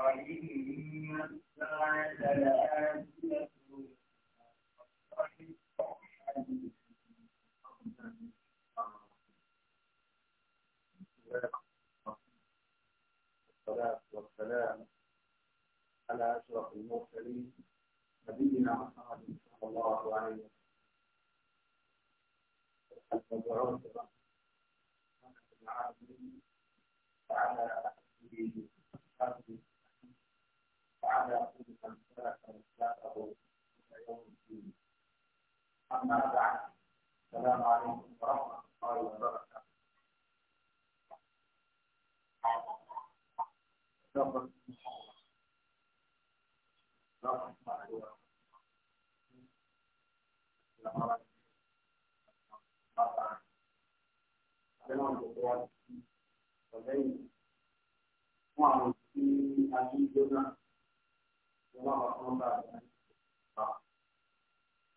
والصلاة والسلام على أشرف المرسلين نبينا محمد صلى الله عليه وسلم المبعوث رحمة العالمين وعلى أهله وصحبه وعلى كل من سلك مسلكه الى يوم الدين اما بعد السلام عليكم ورحمه الله وبركاته Wọ́n àwọn tí a ti ń gbé náà وما رسول بعد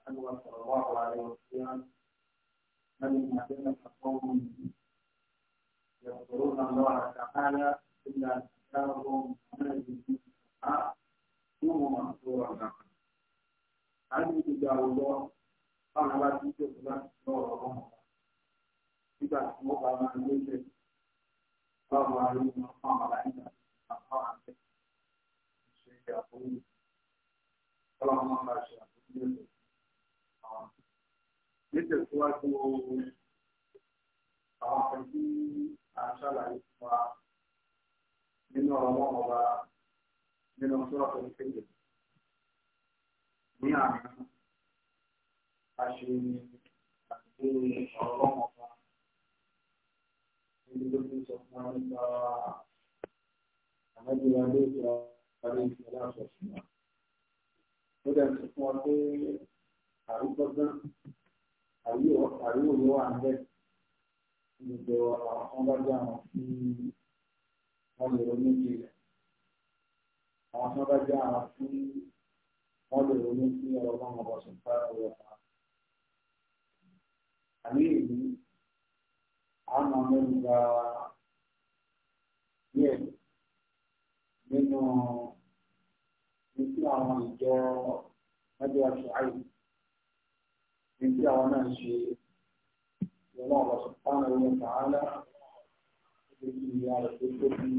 أنه صلى الله عليه وسلم من يعلم قوم يذكرون الله تعالى إلا كتابهم من يوم منصورا عن كتاب الله قال لا توجد لك نور إذا وقع مع الجيش صلى الله عليه وسلم قام عند الله عن الشيء يقول Allahumma máa ṣe àtúntò nítẹ̀síwájú àwọn kan tí a ṣàlàyé fún wa nínú ọmọ ọba nínú sọ́rọ̀ tó ń kéde ní àná a ṣe àti ọlọ́run ọba níbi tó ti sọ fún wa nípa àmọ́júwájú ìjọba ìjọba ó dẹ̀rù sọ fún wa pé àrùkọ gan àríwò ló wà níbẹ̀ ìjọ àwọn bá jẹ́ àwọn tí wọ́n lè ronú jinlẹ̀ àwọn tí wọ́n bá jẹ́ àwọn tí wọ́n lè ronú sí ọ̀rọ̀ bá wọn bọ̀ sùn fún ọ̀rọ̀ kan. àní èyí a máa mẹ́nu ba ibi àwọn ìjọ ẹgbẹ́ aṣọ àyè ibi tí àwọn náà ṣe ìwọ̀n ọ̀rọ̀ sọ̀tánà owó tààlà ibi ìyá rẹ̀ tó tóbi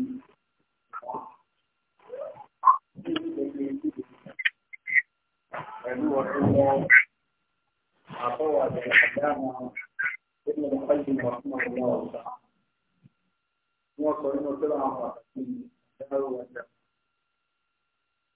wá. Pẹ̀lú ọdún lọ, àbọ̀wọ̀ àti àdáàmà nínú ọ̀pẹ́jì ìwọ̀n ọ̀rọ̀ sọ̀tánà. Wọ́n sọ nínú tẹ́lẹ̀ àwọn pàtàkì ìdáwó ẹ̀dá.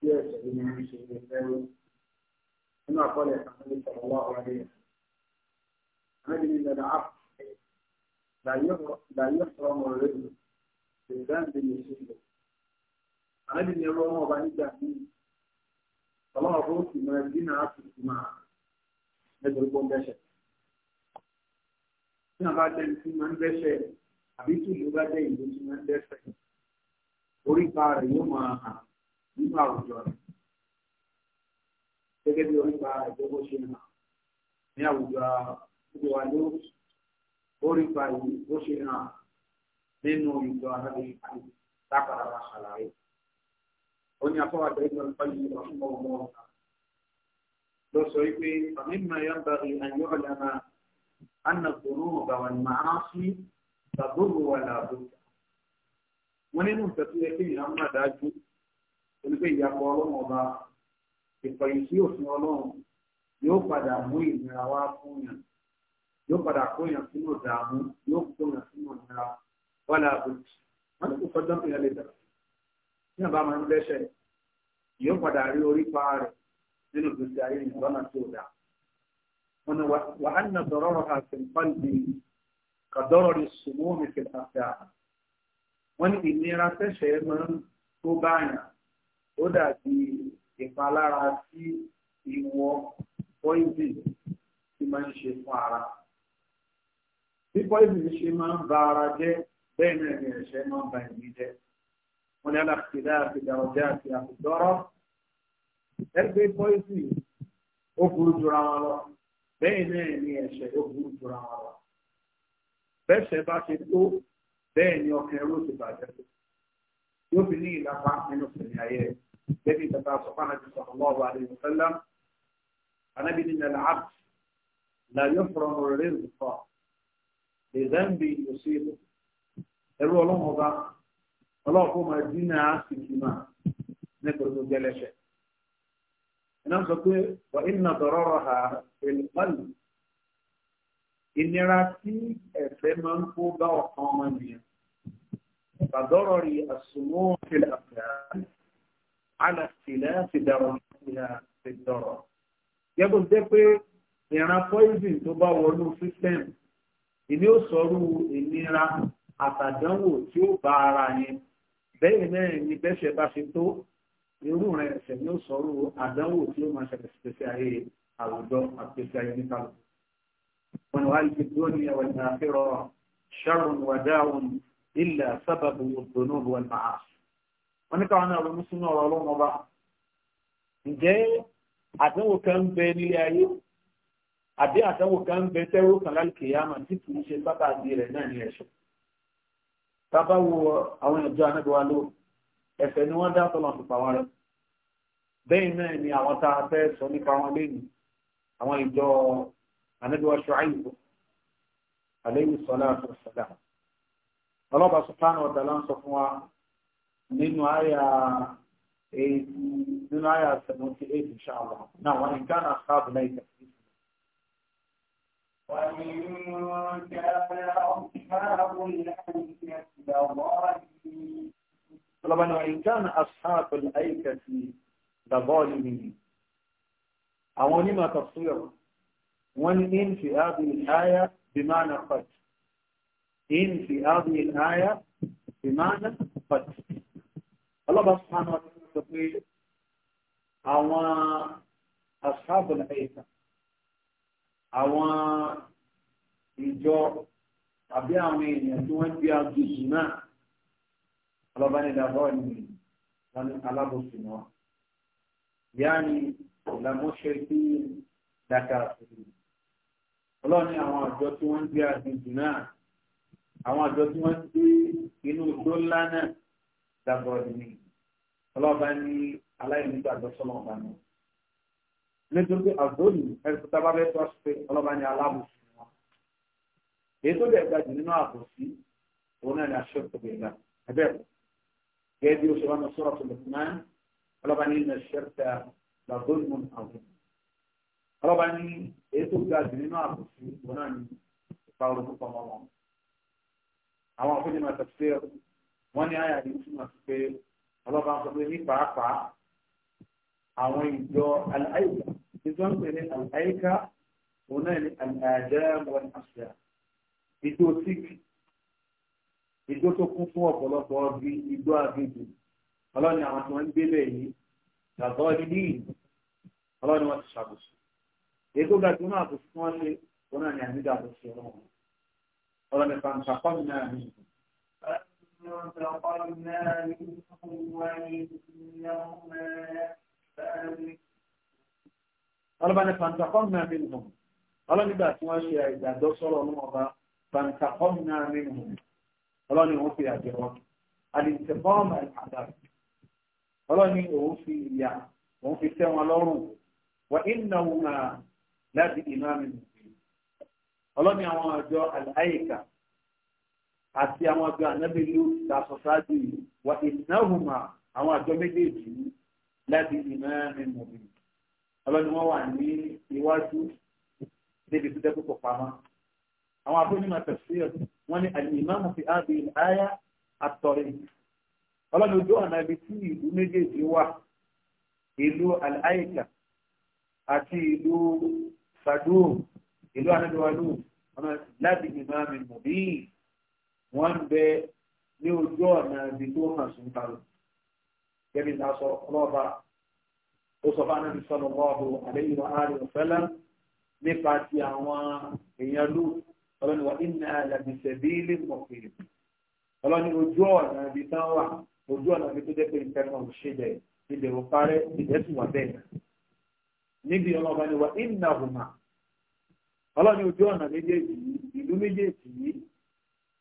tí ẹ̀sìn ni wọ́n ṣe lè fẹ́rù nínú àkọọ́lẹ̀ àkọọ́lẹ̀ ìṣọ̀lọ́wọ́ ọ̀rẹ́ yẹn. Àmẹ́bí ni dada á dàyé ọ̀rọ̀ ọmọ rẹ̀ lù lè dáǹdé lè ṣe lò. Àmẹ́bí ni ẹrú ọmọ ọba nígbà tí ọlọ́wọ́ fún òkú mọ ẹbí náà á tùtù máa ẹgbẹ̀rún gbọ́n bẹ́ṣẹ̀. Tí wọ́n bá dẹ́ni tí máa ń bẹ́ṣẹ̀ àbí tí ìlú bá dẹ́ ìlú tí máa ń bẹ́ṣẹ̀ orí pa rẹ̀ yóò máa hàn nínú àwùjọ rẹ̀ gẹ́gẹ́ bí onípa ìjọba ṣe nà ní àwùjọ gbogbo wa ló orípa yìí ó ṣe nà nínú ìjọ arábìnrin kan lápára wa ṣàlàyé ó ní afọwọ́ àgbẹ̀yìn náà pẹ̀lú ọ̀ṣunmọ̀ ọmọ ọ̀gá ló sọ wípé fàmíìmọ̀ yọ̀ ń bẹ̀rẹ̀ àyọ̀ ọ̀lànà àna kùnú bàwọn màá sí tàbúrò wà láàbò wọn nínú ìtọ́jú ẹgbẹ́ ìyá ń bàdájú onígbé ìyàpọ̀ ọlọ́run ọba ìkọ̀yìn sí òfin ọlọ́run yóò padà mú ìnira wá fún yàn yóò padà kó yàn sínú ìdààmú yóò kó yàn sínú ìnira wàlà àbòjì wọn ti kó sọjọ́ pé yẹn lè dà tí yàn bá máa ń lẹ́sẹ̀ yóò padà rí orí pa rẹ̀ nínú gbèsè ayé yìí lọ́nà tí ò dáa wọn ni wàhánà dọ̀rọ̀ rọ̀ àfẹnfọ́n di kàdọ́rọ̀ ní sùnmọ́ mi fẹ́ wọn ni ìnira fẹ́sẹ̀ máa ń tó báyàn ó dàbí ìpalára tí ìwọ poison ti máa ń ṣe fún ara bí poison ṣe máa ń ba ara jẹ́ bẹ́ẹ̀ náà ni ẹ̀ṣẹ̀ máa ń ba ẹ̀mí jẹ́ wọn ni alákìlá àti ìdàrọ̀jẹ́ àti àkùdọ́rọ̀ ẹgbẹ́ poison ó burú jura wọn lọ bẹ́ẹ̀ náà ni ẹ̀ṣẹ̀ ó burú jura wọn lọ bẹ́ẹ̀ṣẹ̀ bá ṣe tó bẹ́ẹ̀ ni ọkàn ẹrú ti bàjẹ́ tó yóò fi ní ìlàpá nínú ìrìn ayé الذي تفاصفنا صلى الله عليه وسلم أنا بدين العبد لا يحرم الرزق لذنب يصيبه إلو الله هذا الله قوم الدين عاسك كما نقول جل شيء إنما سكوي وإن ضررها في القلب إن راتي فمن فوق قامني فضرري السمو في الأفعال على اختلاف درجاتها في الضرر yẹ́bùn jẹ́ pé ìran poison tó bá wọnú system ìní ò sọ́rú ìnira àtàdánwò tí ó bá ara yẹn bẹ́ẹ̀ náà ni bẹ́ṣẹ̀ bá ṣe tó irú rẹ̀ ẹ̀ṣẹ̀ ní ó sọ́rú àdánwò tí ó máa ṣẹlẹ̀ sí pèsè ayé àwùjọ àpèsè ayé níkàlùkù. wọn wá ibi dúró ní ẹwà ìgbà àfihàn ṣàrùn wàdáhùn ilẹ̀ sábàbù òdòdó wọn máa ṣe wọ́n ní káwọn náà ronú sínú ọ̀rọ̀ ọlọ́run ọba ǹjẹ́ àdánwò kan ń bẹ nílé ayé àbí àdánwò kan ń bẹ tẹ́rù kan lálùkè yá mà tí kì í ṣe sábà di rẹ̀ náà ní ẹ̀ṣọ́ tábà wo àwọn ìjọ anábíwá ló ẹ̀fẹ̀ ni wọ́n dá tọ́lọ̀ fi pa wọn rẹ̀ bẹ́ẹ̀ náà ni àwọn tá a fẹ́ sọ nípa wọn lẹ́nu àwọn ìjọ anábíwá Ṣuaibu alayhi salatu wassalam ọlọ́ba subhanahu wa ta'ala ń fún wa منه آية من آية سنوات إن شاء الله نعم وإن كان أصحاب ليس وإن كان أصحاب ليس طبعا وإن كان أصحاب الأيكة لظالمين أولي ما وإن إن في هذه الآية بمعنى قد إن في هذه الآية بمعنى قد ọlọ́ba sọ́nà ọdún sọ pé àwọn asáàbùn ẹ̀yẹ̀ta àwọn ìjọ tàbí àwọn èèyàn tí wọ́n gbé agbègbè náà ọlọ́ba ní ìdàbọ̀ ni wọn alábòsùn wọn yáàni ìlàmúṣe sí dàkà ọlọ́ni àwọn àjọ tí wọ́n gbé agbègbè náà àwọn àjọ tí wọ́n gbé inú igbó ńlá náà dábọ̀rọ̀ di mí ọlọ́ọ̀bá ní aláìní gbàgbọ́ sọ́lọ́ ọba náà nítorí pé àgbóyè ẹ̀sùn tábà bẹ́ẹ̀ tó ṣe ọlọ́ọ̀bá ní aláàbòsí wọn èyí tó dẹ̀ gbajù nínú àbòsí òun náà ní aṣọ ìtòkè ìgbà ẹ̀bẹ̀ gẹ́gẹ́ bí o ṣe wá ní sọ́rọ̀ tó lè fún náà ọlọ́ọ̀bá ní ilẹ̀ ṣẹ́ta làgbóyè mọ́ àwọn ọlọ́ọ̀bá èyí tó gbajù nínú àbòsí òun náà ní ìpa orúkọ wọn àwọn àfojúmọ̀ tẹ̀síọ́ wọ́n ní àyà yìí túmọ̀ sí pé ọlọ́ba sọ pé ní pàápàá àwọn ìjọ aláìka ìjọ ń pè ní aláìka òun náà ní aláàjẹrẹ wọn àṣà ìjọ síkì ìjọ tó kún fún ọ̀pọ̀lọpọ̀ bí ìjọ àgbègbè ọlọ́ni àwọn tí wọ́n ń gbélé yìí gbàgbọ́ níbí ọlọ́ni wọn ti ṣàkóso èyí tó náà kò sí wọn ṣe òun náà ní àmì ìdàgbàsí ọlọ́ni pàǹtàkọ́ mi náà ní ìgbà. انتقمنا منهم وإنهما Ọlọ́ba ni Fantacomna Ọlọ́ni gbà tí wọ́n ṣe ìdàdọ́ sọ́rọ̀ ọmọ ọba Fantacomna Minhum. Ọlọ́ni wọ́n fi àjẹ wọn. àdá. Ọlọ́ni òun fi ìyà, òun fi tẹ́ wọn lọ́rùn. Wà náà láti Ọlọ́ni àwọn àjọ àti àwọn àjọ ànábì ló dàsọ ṣáájú yìí wà ìnáhùnmá àwọn àjọ méjèèjì láti ìmáàmì mọ̀bì ọlọ́ni wọ́n wà ní iwájú débi tó dẹ́kun kò pamọ́ àwọn abóyúnmọ̀ tafsir wọ́n ní al-imamu fi ábí àyà àtọ̀rẹ̀ ọlọ́ni ojú ọ̀nà ibi tí ìlú méjèèjì wà ìlú al àti ìlú sàdúù ìlú anábíwálú ọ̀nà láti ìmáàmì mọ̀bì wọ́n ń bẹ ní ojú ọ̀nà ibi tó hàn sí ìtàlù. Gẹ́gẹ́ bí aṣọ ọlọ́ba ó sọ fún anábì sọ́nà ọ̀hún àlẹ́yìn ààrẹ ọ̀fẹ́lá nípa ti àwọn èèyàn lù ọlọ́ni wa iná àlàbìsẹ̀ bí mọ̀kìlì. ọlọ́ni ojú ọ̀nà ibi tán wà ojú ọ̀nà ibi tó jẹ́ pé nǹkan kan ò ṣe bẹ̀ ilẹ̀ ò parẹ́ ìdẹ́sùn wà bẹ́ẹ̀. níbi ọlọ́ba ni wa iná hùmà ọlọ́ni ojú ọ̀nà méjèèjì ìlú méjèèjì yìí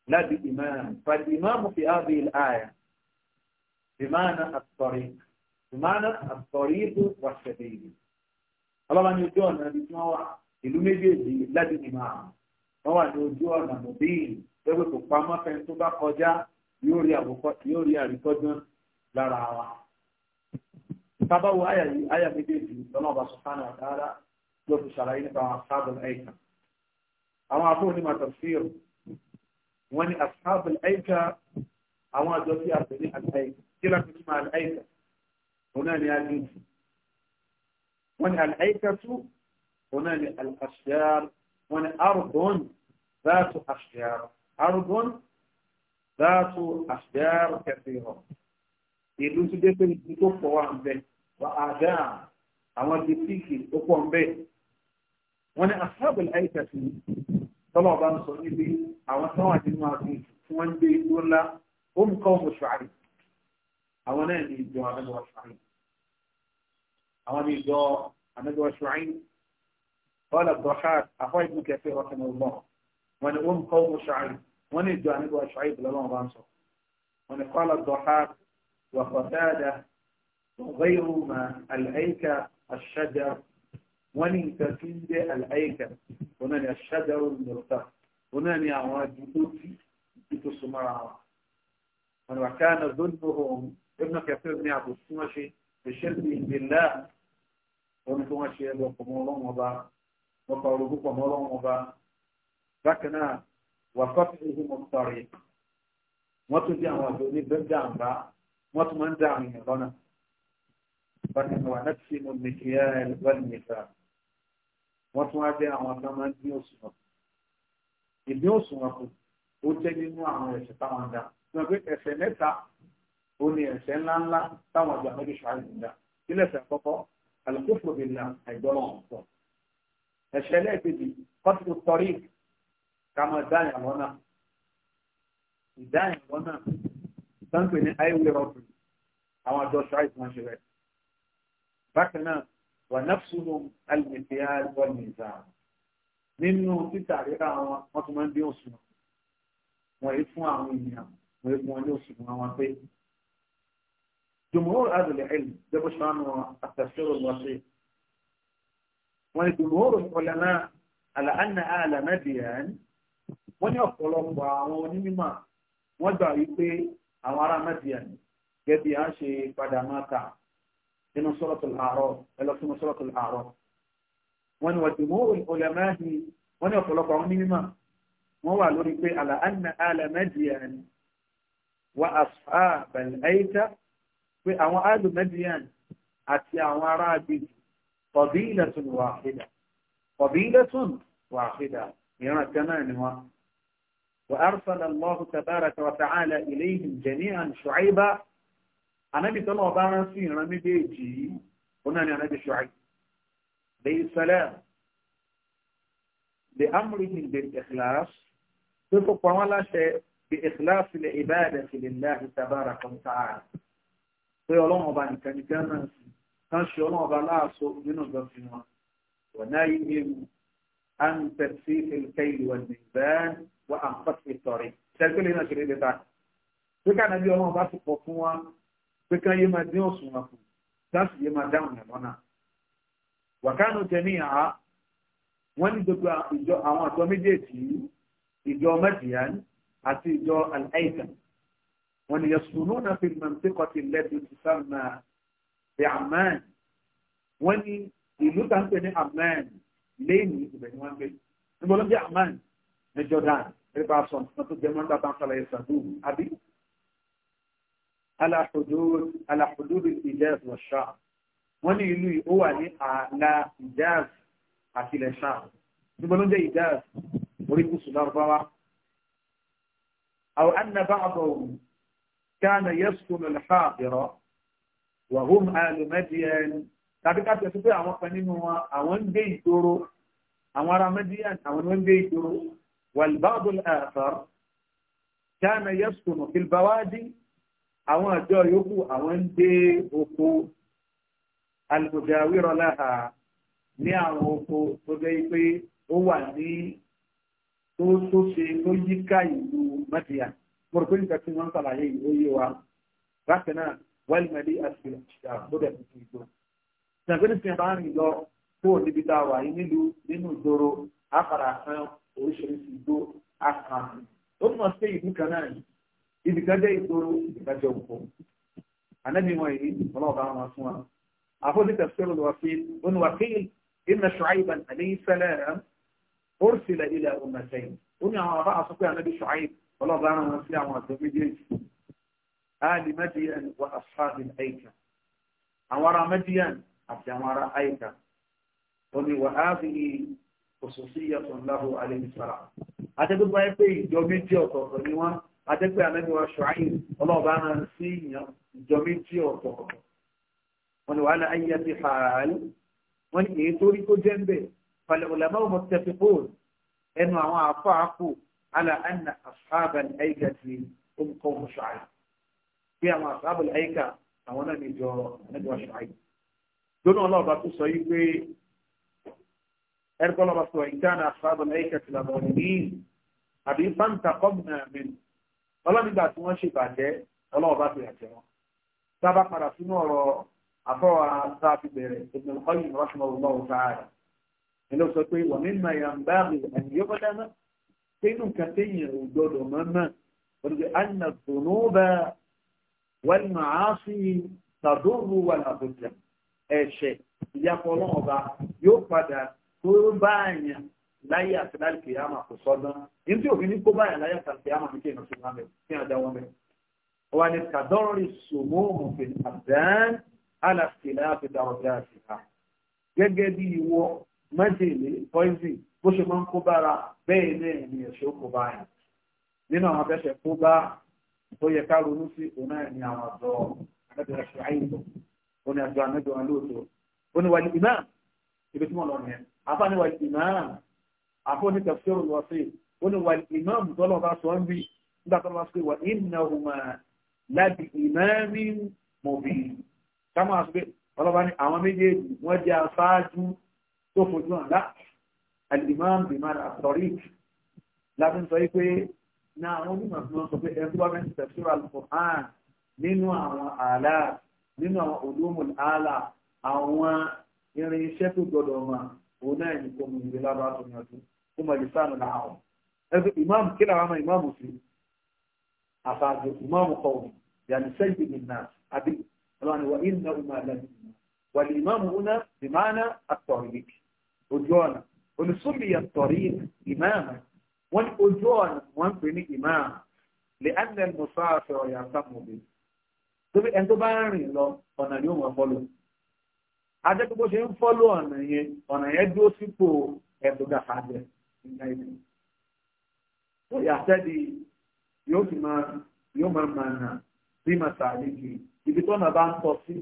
لا بإمام فالإمام في هذه الآية بمعنى الطريق بمعنى الطريق والسبيل الله ما يجون أن هو إلوميجي لا بإمام هو أن يجونا مبين يقول تقام فانتبع قجا يوريا يوريا أبقدن لا رعوة تبعوا آية آية مبين الله سبحانه وتعالى لو تشارعين شرعين فأصحاب الأيكم أما أقول لما تفسيره wọ́n ní asáàbù àìkà àwọn àjọ tí a pè ní àìkà kí láti ní máa àìkà òun náà ni àjòjì wọ́n ní àìkà tú òun náà ni àṣìyàr wọ́n ní àrùbọ́n ذات أشجار أرض ذات أشجار كثيرة ìlú tó dé pé ibi tó pọ̀ wà ń bẹ wà á dá àwọn ibi tíìkì tó pọ̀ ń bẹ wọ́n ní asáàbù àìkà sí tọ́lọ̀ ọba ń sọ níbi àwọn tí wọ́n wà nínú ààfin tí wọ́n ń gbé igbó ńlá ó ń kọ́ ọmọ ṣùárì àwọn náà ní ìjọ anẹ́gbẹ̀wá ṣùárì àwọn ní ìjọ anẹ́gbẹ̀wá ṣùárì قال الضحاك أخوي ابن كثير رحمه الله ونقوم قوم شعيب ونجد عن شعيب لما بانصر ونقال الضحاك وقتادة وغيرهما الأيكة الشجر wọ́n ní nǹkan tí ń jẹ́ àlàyéka wọn náà ni aṣáájáwó nìrọ̀tà wọn náà ni àwọn àdúgbò tí ìdí tó so mọ́ra wọn. wọn wà ká náà lónìí ohun ẹgbẹ́ kẹfẹ́ ní àbò tí wọ́n ṣe ẹ̀ṣẹ́ sí ìgbélá wọn tí wọ́n ṣe ẹgbẹ́ pọ̀ mọ́ ọlọ́wọ́n ọba wọn pa orogún pọ̀ mọ́ ọlọ́wọ́n ọba bákan náà wà kọ́tù ìhùn mọ́tàrí wọ́n tún jẹ́ àwọn àjọ oníbẹ̀ jàǹbá wọ́n tún máa ń dá àwọn èèyàn lọ́nà. bákan náà wà náà ti ṣe mọ́ wọ́n tún wá jẹ́ àwọn tó máa ń dín òṣùwọ̀n ìdín òṣùwọ̀n kù ó jẹ́ nínú àwọn ẹ̀ṣẹ̀ táwọn ń dá sọ pé ẹ̀ṣẹ̀ mẹ́ta ó ní ẹ̀ṣẹ̀ ńláńlá táwọn àgbà méjì ṣáà ń dá sílẹ̀ ẹ̀ṣẹ̀ àkọ́kọ́ àlùkòfò bìnnà àìgbọ́ràn ọ̀pọ̀ ẹ̀ṣẹ̀ lẹ́ẹ̀kejì kọ́tù tọ́rí ká máa àwọn àjọ ṣáà ṣe rẹ̀ bákan náà wà náfṣúlù alìmìtìyà wọlìmìtà nínú títà ríra wọn wọn tún máa ń dín òṣùwọ̀n wọn èyí fún àwọn ènìyàn wọn èyí fún wọn ní òṣùwọ̀n wọn pé jùmọ̀ọ́rù àdùlẹ̀ ẹ̀lì jẹ́bọ́ ṣáánù àtàṣírò lọ́sí wọn jùmọ̀ọ́rù ọ̀lẹ́nà àlàánà àlàmẹ́dìyàn wọ́n ní ọ̀pọ̀lọpọ̀ àwọn onímọ̀ wọ́n gbà wípé àwọn ará mẹ́dìyàn gẹ́gẹ́ bí a ń ṣe padà máa kà á nínú sọ́rọ̀tù àárọ̀ ẹlọ́sùn sọ́rọ̀tù àárọ̀ wọ́n ni wàjúmọ́ olùmọ́ wọ́n ni ọ̀pọ̀lọpọ̀ àwọn mímọ́ wọ́n wà lórí pé àlàáńnà alàmẹ́dìyàn wà àbẹ̀lẹ́ta pé àwọn alàmẹ́dìyàn àti àwọn ará agbègbè fọ̀bílẹ̀tún wàhídà fọ̀bílẹ̀tún wàhídà ìran kan náà ni wọ́n وأرسل الله تبارك وتعالى إليهم جميعا شعيبا anábì tọ́nà ọba rán sí ìran méjèèjì yìí ó náà ní anábì ṣọ́àì lèyí sẹlẹ̀ lè amúrí ní lè ẹ̀kìláàs tó kó pa wọn láṣẹ lè ẹ̀kìláàs lè ìbáyàdà sí lè ńlá ìtàbára kan táà pé ọlọ́run ọba nìkan ní gánà sí kan ṣe ọlọ́run ọba láàṣọ nínú ìjọsìn wọn wọ̀n náà yìí ní an tẹ̀sí ìfẹ̀lẹ́kẹ́ ìlú wọn nìbẹ́ wọ́n àǹfààní ìtọ̀rẹ́ ṣẹ́gbẹ́lẹ́ náà ṣe lé pé ká yé máa dín ọ̀sùn wọn kù láti yé máa dáhùn ẹ̀ lọ́nà. wàkánù tẹ̀mí àá wọ́n ní gbogbo ìjọ àwọn àjọ méjèèjì ìjọ mẹ́díàn àti ìjọ al-aitan wọ́n ní yasununa fi al-mantiqati allati tusamma bi Amman wọ́n ní ìlú tá ń pè ní Amman lẹ́yìn ìbẹ̀ ni wọ́n gbé níbo ló ń jẹ́ Amman ní Jordan nípa sọ̀tún tó jẹ́ mọ́ńdà tá ń sàlàyé sàdúù àbí على حدود على حدود الحجاز والشام wọ́n ní ìlú yìí ó wà ní ààlà ìjáàz àti ilẹ̀ ṣáà níbo ló ń jẹ́ ìjáàz orí gúúsù lárúbáwá àwọn annaba àbọ̀wò kánà yẹ́sùn lọ́lọ́fà àbẹ̀rọ̀ wà hóum alùmẹ́díẹ̀n tàbí ká tẹ̀sí pé àwọn kan nínú wọn àwọn ń gbé ìgboro àwọn ará mẹ́díẹ̀n àwọn ń gbé ìgboro wàlbáàbùl àfàr kánà yẹ́sùn fìlbáwádìí àwọn àjọ yòókù àwọn ń dé oko alùpùpù láha ní àwọn oko tó jẹ́ pé ó wà ní tó tó ṣe tó yíká ìlú mẹ́tìyà mọ̀rọ̀kọ́ nígbà tí wọ́n ń sàlàyé ìlú yé wa bákan náà wọ́n mẹ́lí àti ìṣà tó dẹ̀ ìjọ. ìṣàgbéni fi hàn rìn lọ tó ò níbi tá a wà yìí nínú ìdòrò àpàrà oríṣiríṣi ìjọ àkàn. ó mọ̀ sí ìlú kan náà yìí ibi kan jẹ́ ìgboro ibi kan jẹ́ òkú ànábì wọn yìí ọlọ́ọ̀bá wọn fún wa àfọ́sí tafsir al-Wasil oníwàkíl inna Shu'ayban alayhi salam ursila ila ummatayn ó ní àwọn àbá àsọpé ànábì Shu'ayb ọlọ́ọ̀bá wọn sí àwọn àjọ méjèèjì áàlì Madiyan wa ashabi al àwọn ará Madiyan àti àwọn ará Aika ó ní wà áàbì kòsòsíyà tó ń adẹ́gbẹ́ anẹ́niwa ṣùáyìn ọlọ́ọ̀bá hàn sí ìjọ méjì ọ̀tọ̀ wọn ni wà ní ayé ti fààlù wọn ni èyí tó rí tó jẹ́ ń bẹ̀ falẹ̀ ọ̀làmọ́ ọmọ tẹ̀sí fóònù ẹnu àwọn àfáà kù ala anna asáàbàlì ayíkà ti omukọ́ ọmọ ṣùáyìn bí àwọn asáàbàlì ayíkà àwọn náà ní ìjọ anẹ́niwa ṣùáyìn lónà ọlọ́ọ̀bá tó sọ yí pé ẹ̀rọ ọlọ́ọ̀bá sọ ìdáná asáàbàlì ayíkà ti làbọ̀ nìyí àbí fanta kọ́mùnà mìíràn ọlọ́nìgbà tí wọ́n ṣe bàjẹ́ ọlọ́wọ́ bá ti àjẹ́ wọn sábà padà sínú ọ̀rọ̀ àfọwà tá a fi bẹ̀rẹ̀ Ibn al-Qayyim rahimahullahu ta'ala ẹ̀ ló sọ pé wà mí mà yà ń bá mi ẹ̀yìn yóò bá dáná sínú nǹkan téèyàn ò gbọdọ̀ mọ́ náà wọ́n ti anna dhunuba wal ma'asi tàdóòrò wà làbòjà ẹ̀ṣẹ̀ ìyàpọ̀ ọlọ́wọ́ bá yóò padà tó láyé àti láyé kìyàmà kò sọ́dán yìí tí òfin ní kó báyà láyé àti kìyàmà ní kéèyàn sí lámẹ kí á dá wọn bẹ. wà ní kàdọ́rì sòmó òfin àdán alàsìlá àti dàrọ̀dà àṣìká gẹ́gẹ́ bí ìwọ májèlé pọ́ìsì bó ṣe máa ń kó bára bẹ́ẹ̀ náà ni ẹ̀ṣọ́ kó báyà nínú àwọn abẹ́ṣẹ̀ kó bá tó yẹ ká ronú sí òun náà ni àwọn àjọ anábìrẹ̀ ṣe àyìnbó àfọ́ní tafsir al-Wasit ó ní wà ìmáàmù tọ́lọ̀ bá sọ ń bí nígbà tọ́lọ̀ bá sọ pé wà innahuma láti ìmáàmì mọ̀bí káwọn àti pé ọlọ́ba ní àwọn méjèèjì wọ́n jẹ́ aṣáájú tó fojú hàn lá al-imam bímá àtọ̀rí láti sọ pé náà àwọn onímọ̀ tí wọ́n sọ pé ẹgbẹ́ wọn ti tafsir al nínú àwọn àlá nínú àwọn ulumul àlá àwọn irinṣẹ́ tó gbọdọ̀ mà òun náà ní kò mú ìgbélábà tó yanjú. kuma lisanu na hawa ẹgbẹ́ imam kila lára imamu imam sí àfààjò imam kọ̀wé yàní sẹ́yìn nìna àbí ọlọ́run wà inna ìnáwó máa lẹ́nu ìná wà ní imam una ìmáàna àtọ̀rìk ojú ọ̀nà olùsúnmi àtọ̀rìk ìmáàmà wọ́n ní ojú ọ̀nà wọ́n ń pè ní ìmáàmà lè ánẹ̀ mùsáàfẹ́ ọ̀yà sàmùbí tóbi ẹni tó bá ń rìn lọ ọ̀nà ni ó mọ̀ fọ́lọ́ ajẹ́ pé bó ṣe ń fọ́lọ́ o follow yẹn ọ̀nà yẹn dúró sípò ẹ̀dùn gàfàjẹ́ nígbà ìlú ó yà sẹ́ni yóò sì máa yóò máa máa nà bí màá sàlẹ̀ kiri ibi tó náà bá ń tọ́ sí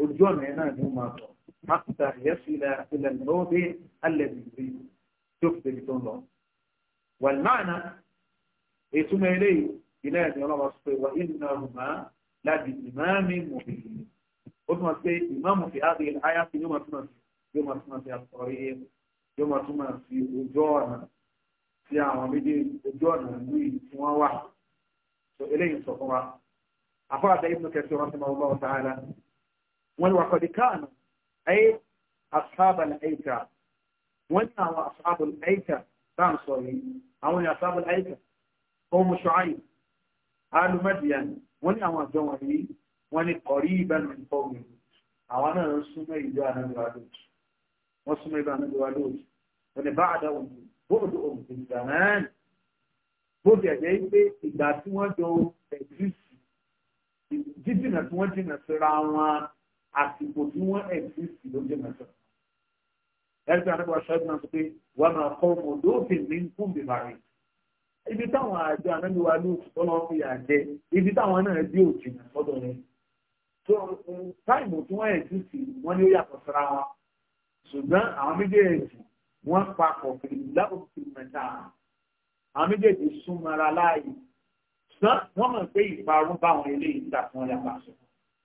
ojú ọ̀nà yẹn náà ni ó máa tọ̀ mákùtà yẹ́sì ilẹ̀ ilẹ̀ lóde alẹ́ nìgbè tí ó fi débi tó ń lọ. wàlmáàna ètùmọ̀ eléyìí ilé ẹ̀dùn ọlọ́wọ́ sọ pé wà ìnà ọ̀hùnmá láti ìmáàmì mùsùlùmí ó tún wá pé ìmáàmù fi áàbì ayá sí yóò máa túnmọ̀ sí yóò máa túnmọ̀ sí àkọ́rí yóò máa tún máa fi ojú ọ̀nà tí àwọn méjèèjì ojú ọ̀nà ìlú yìí tí wọ́n wà tó eléyìí sọ fún wa àfọwọ́sẹ ibùdó kẹsì wọn sọmọ ọgbà ọ̀tá ara wọn ni wàkọ̀dí káànù ayé asábàlẹ̀ ẹ̀ka wọn ní àwọn asábàlẹ̀ ẹ̀ka bá ń sọ yìí àwọn ní asábàlẹ̀ ẹ̀ka ọmọ umm ṣọ́áyì alùmọ́dìyàn wọn ní àwọn àjọ wọ̀nyí wọn ní kọ̀rí ìbẹ̀rù ìfọ̀wé àwọn náà ń súnmọ́ ìjọ ọ̀nà bá àdáwò bóòdù òmùtì ìgbàmán bóòdù ẹ̀jẹ̀ yìí pé ìgbà tí wọ́n jọ ẹ̀jísì jíjìnà tí wọ́n jìnà síra wọn àsìkò tí wọ́n ẹ̀jísì ló jìnà síra ẹ̀rí tí anábọ̀ náà sọ pé wọ́n máa kọ́ ọmọ lóòfin ní kúmbì bàrẹ̀ ibi táwọn àjọ anábíwá ló tọ́lọ́ fi àjẹ ibi táwọn náà dé òjìnà sọ́dọ̀ yẹn tó táìmù tí wọ́n ẹ̀jísì wọ́n ní ó yàtọ̀ síra wọn ṣùgbọ́n àwọn méjèèjì wọ́n papọ̀ fìlà òfin mẹ́ta àwọn méjèèjì súnmọ́ra láàyè ṣùgbọ́n wọ́n mọ̀ pé ìparun báwọn eléyìí gbà fún ọyà pàṣẹ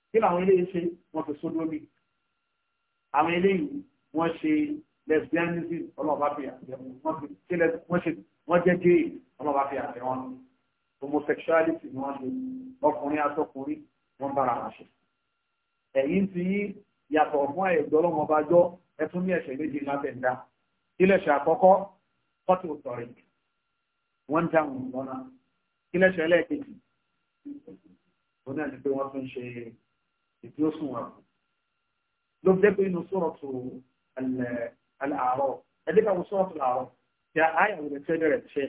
kí làwọn eléyìí ṣe wọ́n fi sódómì àwọn eléyìí wọ́n ṣe lesbianism ọlọ́ọ̀bá fi àtẹ̀wọ́n wọ́n jẹ́ gay ọlọ́ọ̀bá fi àtẹ̀wọ́n homosexuality ni wọ́n ṣe ọkùnrin atọ́kùnrin wọ́n bára wọn ṣe ẹ̀yìn ti yí yàtọ̀ fún ẹ̀dọ́ ọlọ́mọba jọ ẹtún ní ẹ̀ṣẹ̀ méje lábẹ́ ń dá kílẹ̀ṣẹ̀ àkọ́kọ́ fọ́tò sọ̀rọ̀ wọ́n dáhùn lọ́nà kílẹ̀ṣẹ̀ ẹlẹ́ẹ̀kejì ó náà ni pé wọ́n tún ṣe ìdí ó sùn wọn. ló fi dẹ́pẹ́ inú sọ́ọ̀tù àárọ̀ ẹ̀dẹ́gbà wo sọ́ọ̀tù àárọ̀ kí a àyà wò lè tẹ́lẹ̀ rẹ̀ ṣe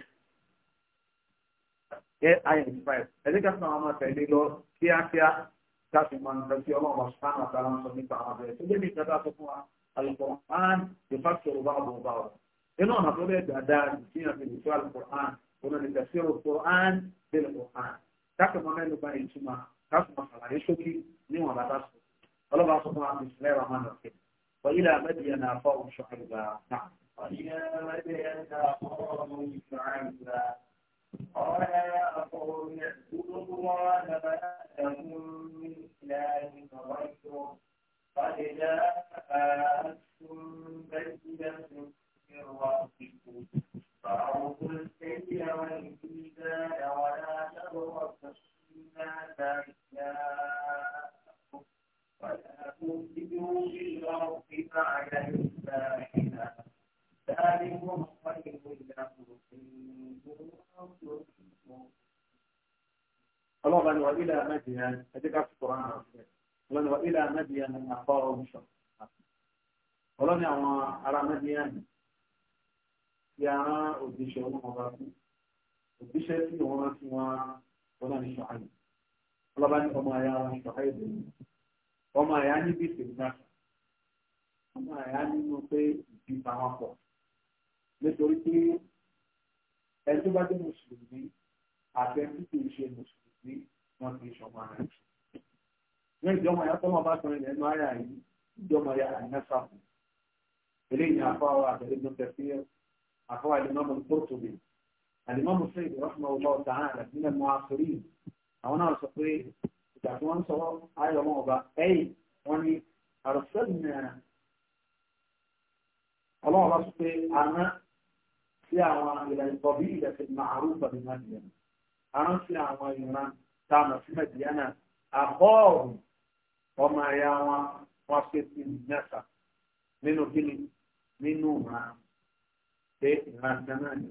ẹ àyà ìdí báyìí ẹ̀dẹ́gbà fún àwọn ọmọ lọ kíákíá láti máa ń tẹ̀sí ọlọ́run ọ̀sán àtàrà ń sọ nípa àwọn abẹ́rẹ́ tó dé القرآن يفسر بعضه بعضا إنه أنا أقول لك فينا في نسوة القرآن هنا تفسير القرآن بالقرآن تاكو ما نلو بأي سما تاكو ما صلى يشوكي نيوة لا تسكو قالوا بقى صلى الله عليه وسلم وإلى مدين أخاهم شعيبا نعم وإلى مدين قال يا أخوهم اعبدوا الله ما من إله غيره قد جاءتكم بينة من ربكم فأوفوا الكيل والميزان ولا تبخسوا الناس أشياءكم ولا تفسدوا في الأرض بعد إصلاحها ذلكم خير لكم إن كنتم Ọlọ́run ni wà nílẹ̀ Amẹ́jìnà ẹ̀jẹ̀ ká fi kọ̀ọ̀rọ̀ àwọn ọ̀sẹ̀ mẹ́bíyà ní àfọ́rọ̀ ọ̀ṣọ́. ọlọ́ni àwọn ará mẹ́bíyà ní ti àwọn òjíṣẹ́ ọlọ́mọba fún òjíṣẹ́ tí wọ́n rántí wọn ọlọ́ni ṣọ̀háyì ọlọ́ba ní ọmọ ayára ṣọ̀háyì lónìí. arákùnrin lẹ́nu ara yìí jọmọ ya ànásà eléyìí ni àfọwọ́ àtẹ̀lé ló tẹ̀sí àfọwọ́ àlìmọ́mù Qurtubi àlìmọ́mù Sayyid rahimahullahu ta'ala nínú mu'asirin àwọn náà sọ pé ìgbà tí wọ́n ń sọ ayọ̀ wọn ọba ẹ̀yìn wọ́n ní àrùsẹ́lìmẹ̀ ọlọ́wọ́ bá sọ pé àná sí àwọn ìlànà ìtọ́bí ìdẹ̀sẹ̀ ma'rufa bi Madiana àná sí àwọn ìran táwọn sí Madiana àkọ́ọ̀rùn ọmọ ẹ̀yà wọn wọn ṣe ti mẹ́ta nínú kíni nínú ìran pé ìran kan náà ni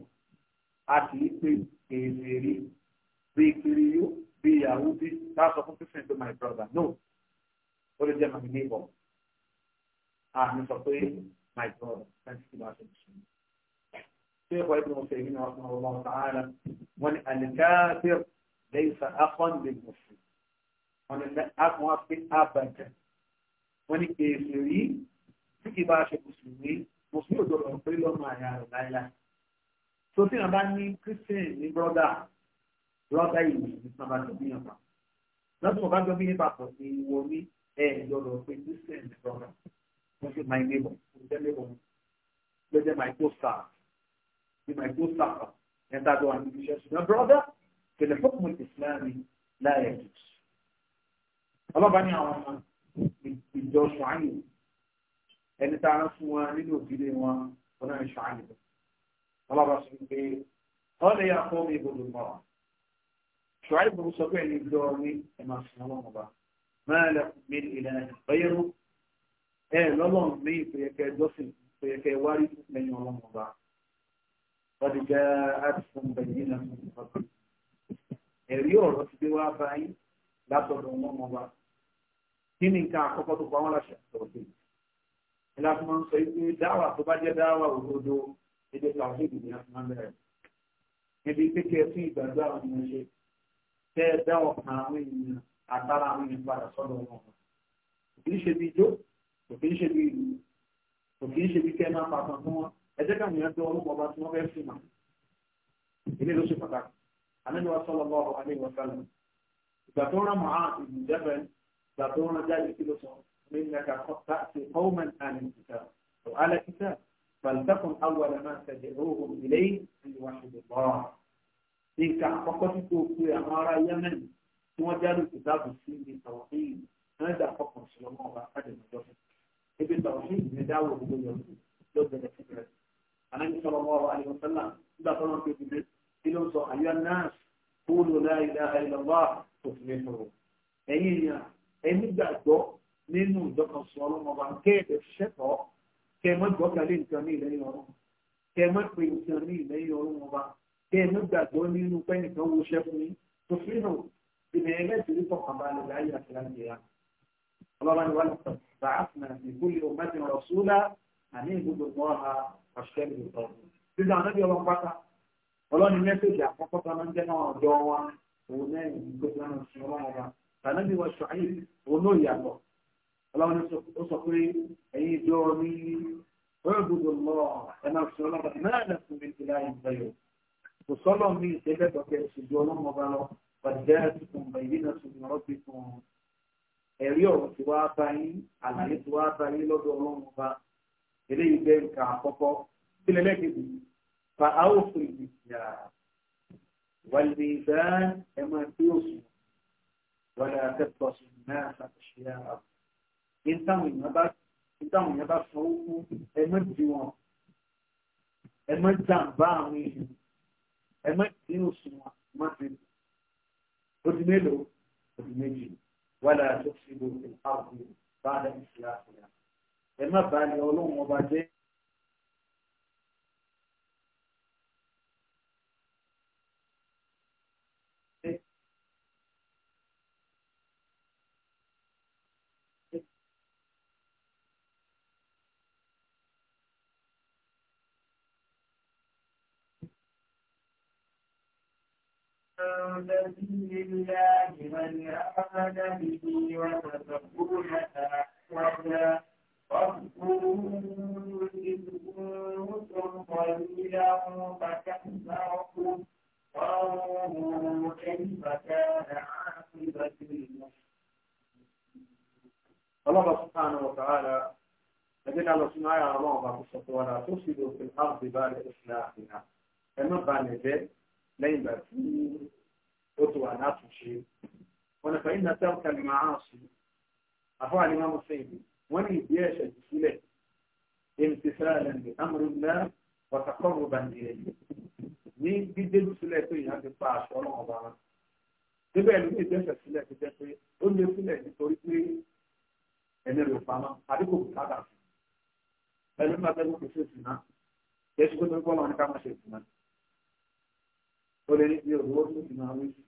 a kì í pè èrè rí bíi kiri yó bíi ìyàwó bí láti sọ fún christian to my brother no ó lè jẹ́ my neighbor àmì sọ pé my brother thank you for watching. شيخ ابن تيمية رحمه الله تعالى وأن الكافر ليس أخا للمسلم wọn ni akùn afi abàjẹ́ wọn ni èsì rí tí kì bá ṣe mùsùlùmí mùsùlùmí òjò lọ pé lọ́mọ àyà rẹ̀ láíláí. tó tí wọn bá ní christian ní brọ́dà brọ́dà ìlú ní sábà tó bí yànjọ lọ́sùn wọn bá jọ bí nípa pọ̀ ní ìwọ ní ẹ̀ lọ́dọ̀ pé christian ní brọ́dà wọ́n ṣe my neighbor wọ́n jẹ́ neighbor jẹ́ my co-star ní my ń tàbí wọn ní iṣẹ́ ṣùgbọ́n brọ́dà tẹlifóònù ọlọ́ba ní àwọn ọmọ ìjọ ṣùáyì ẹni tá a rán fún wọn nínú òbílẹ̀ wọn wọn náà ṣùáyì lọ ọlọ́ba sọ pé ọlẹ́ yà fún mi ìbòdò mọ́ ṣùáyì bò sọ pé ẹni gbọ́ ní ẹ máa sìn ọlọ́run ọba máa lẹ mi ìlànà ìgbẹ́yẹ̀rú ẹ lọ́lọ́run ní ìpèyẹkẹ dọ́sìn ìpèyẹkẹ wárí lẹ́yìn ọlọ́run ọba wọ́n ti jẹ́ ẹ̀rí ọ̀rọ̀ ti dé wá báyìí látọ̀dọ̀ ọmọ ọmọ wa kí ni nǹkan àkọ́kọ́ tó pa wọ́n láṣẹ àtọ̀tẹ̀ ìlà fún wọn sọ pé dáwà tó bá jẹ́ dáwà òdodo èdè tàwíìdì ni a fi máa ń bẹ̀rẹ̀ níbi kékeré fún ìgbàgbọ́ àwọn ènìyàn ṣe tẹ́ ẹ dáwọ̀ kan àwọn ènìyàn àtàrà àwọn ènìyàn padà sọ́dọ̀ wọn kò kì í ṣe bí ijó kò kì í ṣe bí ìlú kò kì í ṣe bí kẹ́ máa pa kan fún wọn ẹ jẹ́ káwọn èèyàn tó ọlọ́mọ ọba tí wọ́n fẹ́ fi mọ̀ ilé ló ṣe pàtàkì àmì ìwà sọ́lọ́ bọ́ ọ̀hún àlẹ́ ìwà sálẹ̀ ìgbà tó rán mọ́ بعدون ذلك لسون منك قد تأتي قوما آل الكتاب أو آل الكتاب فلتكن أول ما تدعوهم إليه أن يوحدوا الله تلك فقط في أمارة يمن ثم جاءوا الكتاب السين بالتوحيد هذا الله سلمان وأحد المدرسة ابن التوحيد نداوه بقول ضد فكرة أنا صلى الله عليه وسلم إذا قالوا في البيت إلهم أيها الناس قولوا لا إله إلا الله تفلحوا أيها ẹni gbàgbọ́ nínú ìjọkànsọ ọlọ́mọba kẹ́ẹ̀dẹ̀ ṣẹ́tọ̀ kẹ́ẹ̀mọ́ gbọ́kàlé nǹkan ní ilẹ̀ ọ̀run kẹ́ẹ̀mọ́ pé nǹkan ní ilẹ̀ ọ̀run ọba kẹ́ẹ̀mọ́ gbàgbọ́ nínú pẹ́nìkan wo ṣẹ́ fún yín tó fi hàn ìbẹ̀ ẹlẹ́sìn ìfọkànbalẹ̀ láyé àti láyé ya ọlọ́ba ni wọ́n lọ bàáfùnà ìgbóyè ọmọdé rọ̀ṣúlá àní ìgbógbó mọ́ha ọ̀ṣẹ́lẹ̀ ìtọ́ títí àwọn ọ̀nàbí ọlọ́run pátá ọlọ́ni tànàbí wa ṣùáyé olóyàtọ̀ ọlọ́run ó sọ pé ẹ̀yin ìjọ ní ọ̀rọ̀dùdù lọ ẹ̀nà òṣèlú ọlọ́run náà lè fún mi ìlà ìgbẹ́yọ̀ kò sọ́lọ́ mi ìṣẹ́lẹ̀ tọ́kẹ́ ṣùgbọ́n ọlọ́run ọba lọ pàdé àtìkùn bẹ̀yìn náà ṣùgbọ́n ọ̀rọ̀ fi kùn ẹ̀rí ọ̀rọ̀ tí wàá bá yín àlàyé tí wàá bá yín lọ́dọ̀ ọlọ́run ọba eléyìí bẹ́ẹ̀ nǹkan àkọ́kọ́ sílẹ̀ lẹ́gbẹ̀ẹ́ fa áwòfin ìgbìyà wàlẹ̀ ìgbà ẹ̀ máa fi òṣùwọ̀n ولا تبطس الناس أشياء إن táwọn èèyàn bá sanwó fún ẹ má di wọn ẹ má jàǹbá àwọn èèyàn ẹ má dín òṣùwọ̀n má ti odi mélòó odi méjì wàlá tó ti bo ìpàgọ́ bá dá ìṣẹ́ àṣeyà ẹ má ọlọ́run ọba jẹ́. سبيل الله من آمن به وتتقون أحسنا واذكروا إذ كنتم قليلا فكثركم وانظروا كيف كان عاقبة الله سبحانه وتعالى لدينا لسنا يا الله بقصة ولا تفسدوا في الأرض بعد إصلاحها كما قال لين بقى ó ti wà látúnṣe wọn nípa yìí náà tẹ́wọ́ kẹlẹ́ máa hàn sí àfọwọ́ àní máa mú sí ibi wọ́n ní ìdí ẹ̀ṣẹ̀ jù sílẹ̀ èmi ti fẹ́ ẹ̀rẹ́ ní amúrú ńlá wàtàkọ́rù bàǹdìrẹ̀ ní gbígbé jù sílẹ̀ tó yàn ti pa àṣọ ọlọ́run ọba wọn. síbẹ̀ ló ní ìdí sílẹ̀ ti jẹ́ pé ó lé sílẹ̀ nítorí pé ẹni rẹ̀ pamọ́ àdínkù kò sábà sí ẹni máa tẹ́lú kò sí ìsìn kẹ́sìkò tó ń gbọ́ wọn ní ká má ṣe ìsìn ó lé ní ìdí òwò tó ti máa wí sí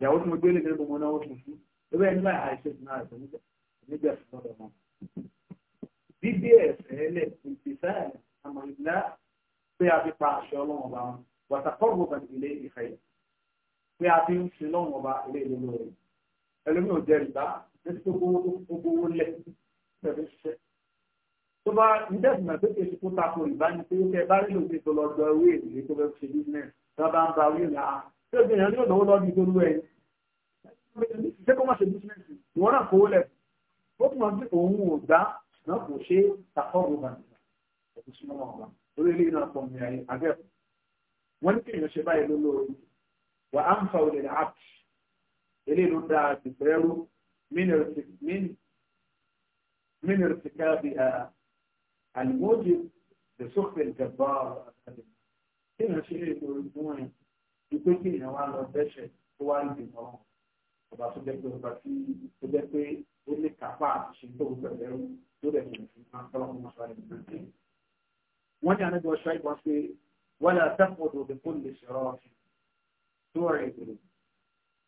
ìyàwó tí mo gbé lè gbogbo náà ó fún fún ewé ẹni láì àìṣe ìdùnnú àìṣe níbẹ̀ fún ọ̀dọ̀ wọn. bíbí ẹ̀fẹ́ lẹ̀ kò ti sáà àmọ̀ ìlà pé a fi pa àṣẹ ọlọ́run ọba wọn wàtàkọ́ gbogbo ilé ìfẹ́ pé a fi ń sin lọ́run ọba ilé ìlú rẹ̀ ẹlòmíì ò jẹ́ rìbá nítorí gbogbo owó lẹ̀ pẹ̀lú ṣiṣẹ́ tó bá tó bá ń tí ó gbìyànjú yóò náwó lọ́dún tó lú ẹ̀ ṣé kó má ṣe bísíǹsì ìwọ náà kówó lẹ̀ ó tún máa ń gbé òun ò dá náà kò ṣe takọ́rù bá ẹ̀kú sínú ọmọ ọba orí ilé náà pọ̀ ní ayé agẹ́kọ̀ọ́ wọ́n ní kéèyàn ṣe báyìí lólórí wà á ń fa olè ní apt eléyìí ló dáa ìgbẹ́rú mínírì bí a àlùmọ́jì lè sókè ìjàmbá ọ̀rọ̀ àti kéèyàn ṣe é lórí fún wọn ìpé kí èèyàn wá lọ dẹ́ṣẹ̀ tó wá ìdè náà ọba tó jẹ́ pé ọba tí tó jẹ́ pé ó lè kápá àti ṣe tó gbẹ̀rẹ̀ ẹrú tó dẹ̀ tẹ̀lé fún un tọ́lọ́ fún ọ̀ṣọ́ rẹ̀ nínú ìdè. wọ́n ní anábọ̀ ṣọ́ ìbọn pé wọ́n lè àtẹ́kọ̀ọ́dọ̀ òde kó lè ṣọ̀rọ̀ ọ̀sìn tó rẹ̀ ìgbèrè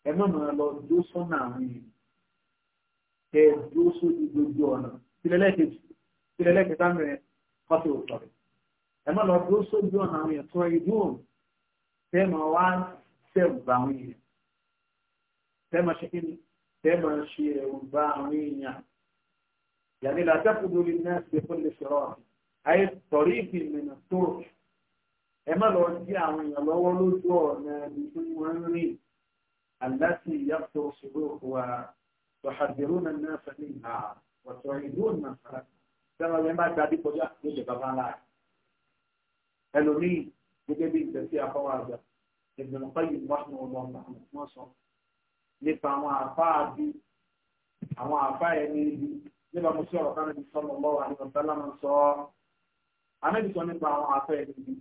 ẹ má máa lọ dó sọ́nà àwọn èèyàn kẹ dó sójú gbogbo ọ̀nà tìlẹ́lẹ́kejì tìlẹ́lẹ́kẹta mẹ́rin kọ́tù tẹ́mọ̀ wá tẹ̀rù bá àwọn èèyàn tẹ́mọ̀ ṣe kíni tẹ́mọ̀ ṣe ẹ̀rù bá àwọn èèyàn yàrá ìlà àtẹ́kùdù lè ní ẹ̀sìn fún lè sọ̀rọ̀ ayé tọ̀rí ìpìlẹ̀ tó ẹ má lọ sí àwọn èèyàn lọ́wọ́ lójú ọ̀nà ẹni tí wọ́n ń rìn aláṣì yàtọ̀ ṣòro wa tọ̀hàdìrú náà náà sẹ́ni ìhà ọ̀tọ̀ ìlú náà sẹ́wọ̀n yẹn má gbadé kọjá lóde bàbá gẹ́gẹ́ bí ìtẹ̀sí àfọwọ́ àgbà Ibn Qayyim wáṣọ ọlọ́run àwọn wọ́n sọ nípa àwọn àfáà bí àwọn àfáà ẹni ibi nípa mo sí ọ̀rọ̀ kan níbi sọ́nà lọ́wọ́ àdìgbàsálà máa sọ ọ́ anábì sọ nípa àwọn àfáà ẹni ibi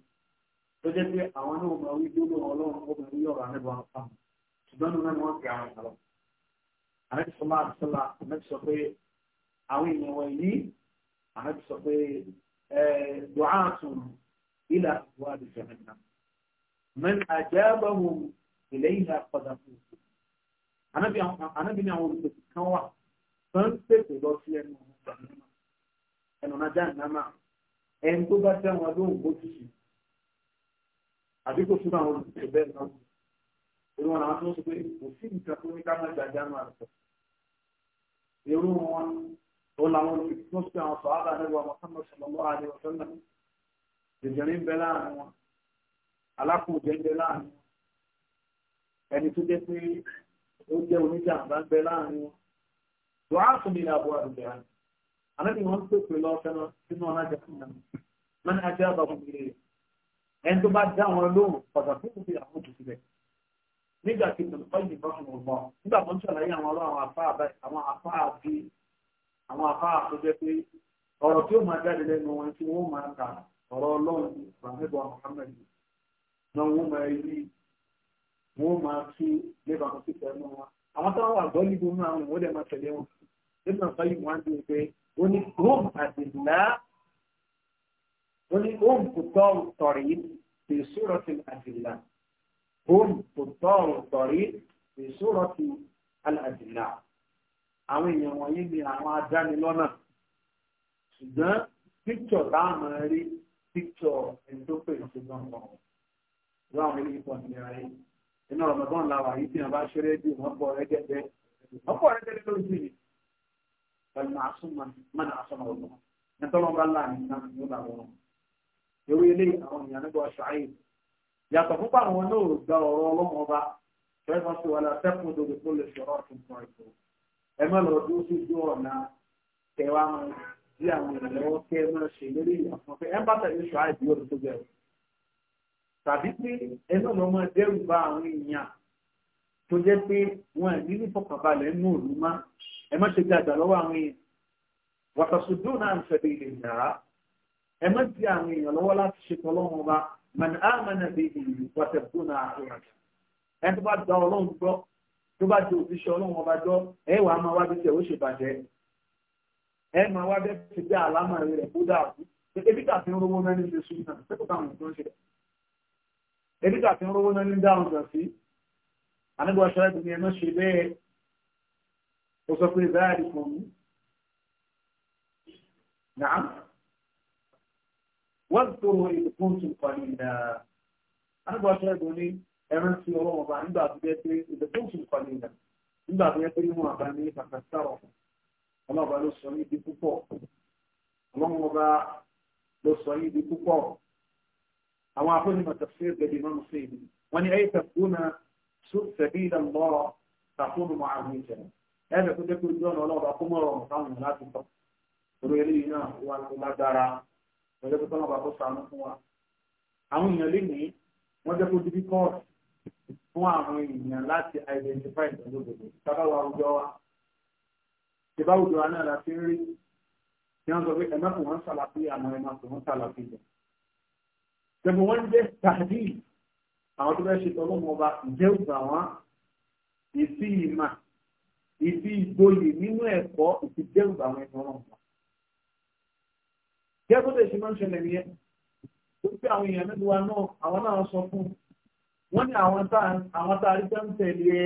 tó jẹ́ pé àwọn náà máa wí dúró ọlọ́run ó máa wí ọ̀rọ̀ àníbọ̀ àfáà ṣùgbọ́n nínú náà wọ́n ti àwọn àlọ́ anábì sọ máa sọ́la anábì sọ pé àwọn èèyàn wọ̀nyí anábì sọ pé ẹ̀ẹ́dùn إلى أبواب جهنم من أجابهم إليها قذفوه Ànábì ní àwọn olùpèsè kan wà tó ń pèsè lọ sí ẹnu ọ̀nà ìgbàlódé ẹnu ọ̀nà jáǹdámà ẹni tó bá tẹ́ wọn lóhùn bó tìṣì àbí kò tún àwọn olùpèsè bẹ́ẹ̀ náà irú wọn àwọn tó ń sọ pé kò sí nǹkan tó ní ká má gba jáǹdámà rẹ̀ irú wọn òun làwọn olùpèsè tó ń sọ àwọn sọ̀rọ̀ àbáyé wa Muhammad sallallahu alaihi wa sallam náà jẹjẹrẹ ń bẹ láàrin wọn alákùnjẹ ń bẹ láàrin wọn ẹni tó jẹ́ pé ó jẹ́ oníjàmbá ń bẹ láàrin wọn dùn á tún nílẹ̀ àbúrò àdùgbẹ rẹ anábì wọn ń pèpè lọ fẹnà sínú ọ̀nà jẹkùn náà mẹ́ni ajé àbàkùn ilé rẹ ẹni tó bá dá wọn lóhùn pàtàkì fún fi àwọn òtù síbẹ̀ nígbà tí mo kọ́ yìí bá fún ọgbọ́n nígbà tó ń ṣàlàyé àwọn ọlọ́ àwọn afá àbẹ àwọn afá àbí àwọn pé ọ̀rọ̀ tí ó máa jáde lẹ́nu wọn tí wọ́n máa ń ta ọ̀rọ̀ ọlọ́run ìfàmẹ́bọ̀ Muhammad náà wọ́n máa yí wọ́n máa tú lébà kan sí pẹ̀lú wọn àwọn tó wà gbọ́ níbo náà àwọn ìwọ́dẹ̀ máa tẹ̀lé wọn lébà kan yìí wọ́n á dé pé ó ní rome àdìlá ó ní rome kò tọ́ tọ̀rí lè sọ̀rọ̀ sí àdìlá rome kò tọ́ tọ̀rí lè sọ̀rọ̀ sí àdìlá àwọn èèyàn wọ̀nyí ni àwọn adánilọ́nà ṣùgbọ́n píkítọ̀ táwọn rí ṣùgbọ́n wọn ìwà àwọn eléyìí pọ̀ nílẹ̀ ayé iná Ramadan làwà yìí tí wọn bá ṣeré bí wọn bọ̀ rẹ́gẹ́dẹ́ wọn bọ̀ rẹ́gẹ́dẹ́ lórí sí ni pẹ̀lú àṣùmọ̀ mọ́nà àṣùmọ̀ ọ̀gbọ̀n nítorí wọn bá láàrin náà ní ìlú àwọn ewé eléyìí àwọn èèyàn nígbà ọ̀ṣọ́ ayé yàtọ̀ púpọ̀ àwọn náà gba ọ̀rọ̀ ọlọ́run ọba fẹ́ẹ́ fọ́n sí wàhálà sẹ́kùn tó lè kó lè ṣọ̀rọ̀ ọ̀tún kan ìbò ẹ má lọ dúró sí ojú ọ̀nà kẹwàá mọ́ bí àwọn ìlẹ́wọ́ kẹ́ ẹ má ṣe lórí ìyàfọ́n fẹ́ ẹ bá tẹ̀lé ṣọ́ àìbí olùtọ́jọ́ tàbí pé ẹnu ọmọ dẹ́rù bá àwọn èèyàn tó jẹ́ pé wọn ní ní fọkànbalẹ̀ nù òru má ẹ má ṣe gbàgbà lọ́wọ́ àwọn èèyàn wàtàṣùdó náà ń ṣẹlẹ̀ ilẹ̀ ìyàrá ẹ má di àwọn èèyàn lọ́wọ́ láti ṣe tọ́lọ́wọ́n bá màn ámàna bèbè wàtàṣùdó náà àkùràjà ẹ tó bá gba ọlọ́run gbọ́ tó bá di òṣìṣẹ́ ọlọ́run ọba gbọ́ ẹ wàá máa wá bí ó ṣe bàjẹ́ ẹ máa wá bẹ́ẹ̀ ti àlámà rẹ̀ kó dà débítà tí ń rówó náà ní dáhùn gbà sí anábọ̀ aṣọ́rẹ́bù ni ẹmọ́ ṣe bẹ́ẹ̀ ó sọ pé záàrí kan mú náà wọ́n tó ìdìkún tún pàdé ìdá anábọ̀ aṣọ́rẹ́bù ni ẹran tí ọwọ́ ọba nígbà tó jẹ́ pé ìdìkún tún pàdé ìdá nígbà tó jẹ́ pé níwọ̀n àbá ní pàtàkìtàrọ̀ ọlọ́ọ̀bá ló sọ ní ibi púpọ̀ ọlọ́wọ́n ọba ló sọ ní ibi púpọ̀ أو أعطيهم التفسير للإمام الصيني وأن أي تكون سبيل الله تكون معاونة هذا كنت يقول دون ولا بقوم ولا مقام ولا تفهم رؤينا ولا دارا ولا تفهم بقوم سامحوا àwọn èèyàn lè ní wọ́n jẹ́ kó dibi kọ́ọ̀tù fún àwọn èèyàn láti identify ìdánilógbòdò tábàwọ̀ àwùjọ wa ìbáwùjọ wa náà la fi ń Number one jẹ́ tàbí àwọn tó fẹ́ ṣe tọ́lọ́mọ ọba ìjẹ́ ògbà wọn ìfi ìmà ìfi ìgboyè nínú ẹ̀kọ́ ìfi jẹ́ ògbà wọn ẹ̀kọ́ náà wà. Bí ẹgbẹ́ ṣe máa ń ṣẹlẹ̀ nìyẹn, ó pé àwọn èèyàn mẹ́tọ́ wa náà àwọn náà sọ fún un. Wọ́n ní àwọn tá a rí jẹ́ ń tẹ̀lé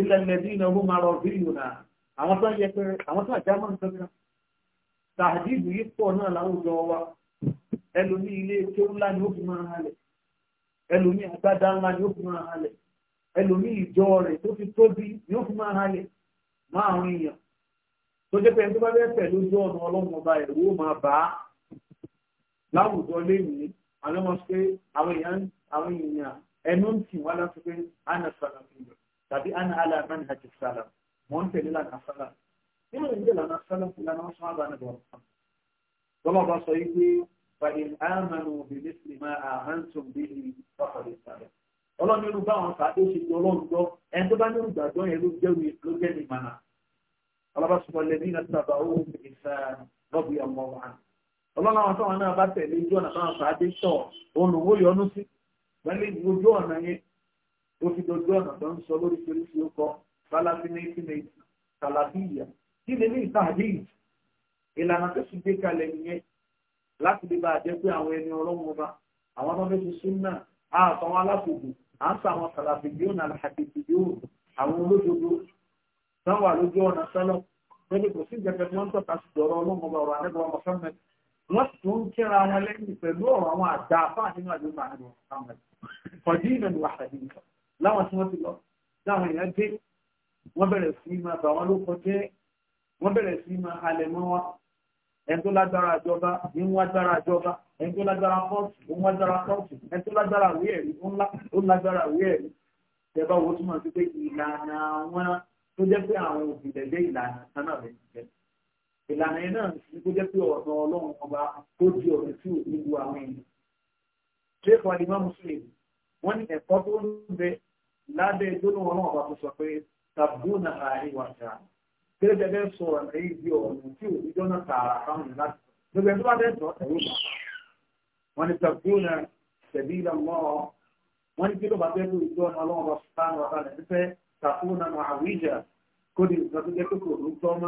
ilẹ̀ lẹ́bí iná owó máa rọ fídíò náà. Àwọn tó ń yẹ pé àwọn tó àjá máa ń tẹ̀lé náà. Tàdíìdì yìí pọ̀ náà láwùjọ wa ẹlòmí ilé tó ńlá ni ó fi máa halẹ̀ ẹlòmí àgbádá ńlá ni ó fi máa halẹ̀ ẹlòmí ìjọ rẹ̀ tó fi tóbi ni ó fi máa halẹ̀ márùn èèyàn tó jẹ́ pé ẹni tó bá fẹ́ pẹ̀lú ojú ọ̀nà ọlọ́run ọba ẹ̀rú ó máa bá láwùjọ lẹ́yìn àwọn ọmọ pé àwọn èèyàn ẹnu ń tì wá láti pé ana sàlàfin lọ tàbí ana alamani àti sàlà wọ́n tẹ̀lé lànà sàlà nínú ìdílé lànà sàlà ìlànà wọn sọ àbànàbọ̀ lọ́mọ bá sọ yìí pé فإن آمنوا بمثل ما آمنتم به فقد اهتدوا ọlọ́run irú báwọn fàájì ṣe ti ọlọ́run gbọ́ ẹni tó bá ní olùgbàgbọ́ yẹn ló jẹ́ ní ló jẹ́ ní ìmọ̀nà ọlọ́bàṣọ́ lẹ́bí náà ti bàbá owó ìṣá lọ́bù ọmọ wa ọlọ́run àwọn táwọn náà bá tẹ̀lé ojú ọ̀nà táwọn fàájì sọ olùwó yọnu sí pẹ̀lú ojú ọ̀nà yẹn ó fi dojú ọ̀nà tó ń sọ lóríṣiríṣi ó kọ falafinaitinaitin láti lè bá jẹ́ pé àwọn ẹni ọlọ́run ọba àwọn ọmọ méjì súnmà àtàwọn alákòókò à ń sàwọn kàlàfì yóò nà àkàtìkì yóò àwọn olódodo sáwà lójú ọ̀nà sálọ pẹ̀lú kò sí ìjẹ́pẹ̀ tí wọ́n ń tọ́ka sí ọ̀rọ̀ ọlọ́run ọba ọ̀rọ̀ àdẹ́gbọ̀n Muhammad wọ́n sì tún kíra wọn lẹ́yìn pẹ̀lú ọ̀rọ̀ àwọn àgbà afá nínú àdúgbò àdẹ́gbọ̀n Muhammad kọjí ìrìn ẹni tó lágbára àjọba ní wọ́n lágbára àjọba ẹni tó lágbára kọ́ọ̀tù ó ń lágbára kọ́ọ̀tù ẹni tó lágbára àwé ẹ̀rí ó ń lágbára àwé ẹ̀rí tẹ́bá owó túmọ̀ sí pé ìlànà àwọn tó jẹ́ pé àwọn òbílẹ̀ jẹ́ ìlànà sánà rẹ̀ jẹ́ ìlànà yẹn náà ní kó jẹ́ pé ọ̀nà ọlọ́run ọba tó di ọ̀rẹ́ tí ò ní lu àwọn èèyàn ṣé kan ni wọ́n mùsùlùmí wọ́n ní ẹ̀kọ́ tó ń bẹ lábẹ́ gbólóhùn ọlọ́run ọba tó sọ pé tàbí gẹ́gẹ́ bẹ́ẹ̀ sọ ọ̀nà yìí di ọ̀nà tí ò ní jọ́nà tààrà fáwọn ìlà gbogbo ẹni tó bá bẹ́ẹ̀ sọ ẹ̀rọ ìgbà wọn ni tẹ̀kúnà tẹ̀bí ilẹ̀ mọ́ ọ wọn ni kí ló bá bẹ́ẹ̀ lórí jọ́nà ọlọ́run ọ̀sán ọ̀tá lẹ́sẹ̀ tẹ̀kúnà mọ̀ kó di ìgbà tó jẹ́ kókò ló tọ́ mọ́